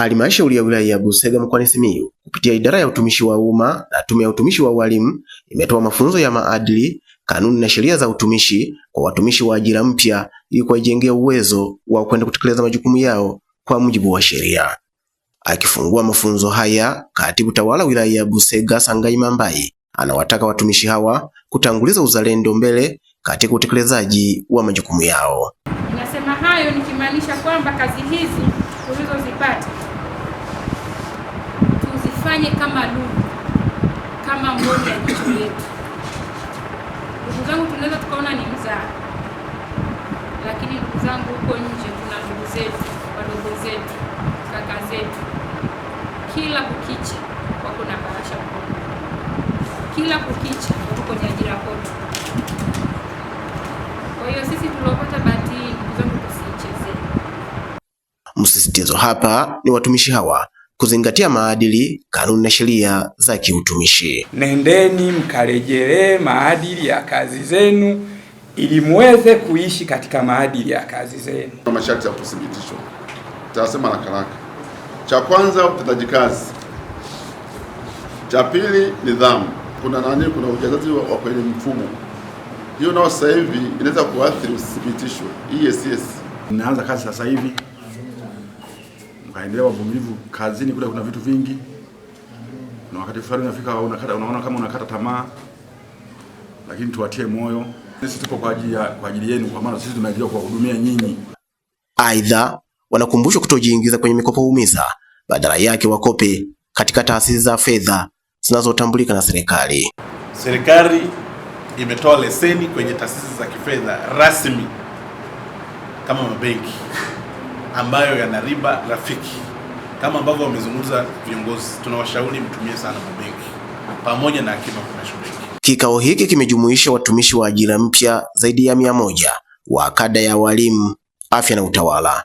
Halmashauri ya wilaya ya Busega mkoani Simiyu kupitia idara ya utumishi wa umma na tume ya utumishi wa walimu imetoa mafunzo ya maadili, kanuni na sheria za utumishi kwa watumishi wa ajira mpya ili kuwajengea uwezo wa kwenda kutekeleza majukumu yao kwa mujibu wa sheria. Akifungua mafunzo haya, katibu tawala wilaya ya Busega Sangai Mambai anawataka watumishi hawa kutanguliza uzalendo mbele katika utekelezaji wa majukumu yao. Nasema hayo nikimaanisha kwamba kazi hizi tufanye yaani kama lulu, kama mboni ya jicho letu. Ndugu zangu, tunaweza tukaona ni mzaa, lakini ndugu zangu, huko nje kuna ndugu zetu, wadogo zetu, kaka zetu, kila kukicha wako na bahasha mkono, kila kukicha wako kwenye ajira kote. Kwa hiyo sisi tuliopata bahati, ndugu zangu, tusiichezee. Msisitizo hapa ni watumishi hawa kuzingatia maadili, kanuni na sheria za kiutumishi. Nendeni mkarejelee maadili ya kazi zenu ili muweze kuishi katika maadili ya kazi zenu. Masharti ya kuthibitisho tutasema karaka, Cha kwanza utendaji kazi, cha pili nidhamu. Kuna nani, kuna ujazaji wa kwenye mfumo, hiyo nao sasa hivi inaweza kuathiri usithibitishwe. Yes, yes. Naanza kazi sasa hivi ukaendelea wavumilivu kazini kule, kuna vitu vingi, na wakati fulani unafika unakata, unaona kama unakata tamaa, lakini tuwatie moyo. Sisi tupo kwa ajili ya kwa ajili yenu, kwa maana sisi tumeajiriwa kuwahudumia nyinyi. Aidha, wanakumbushwa kutojiingiza kwenye mikopo umiza, badala yake wakope katika taasisi za fedha zinazotambulika na serikali. Serikali imetoa leseni kwenye taasisi za kifedha rasmi kama mabenki ambayo yana riba rafiki. Kama ambavyo wamezungumza viongozi, tunawashauri mtumie sana mabenki pamoja na akiba kwa shule. Kikao hiki kimejumuisha watumishi wa ajira mpya zaidi ya mia moja wa kada ya walimu, afya na utawala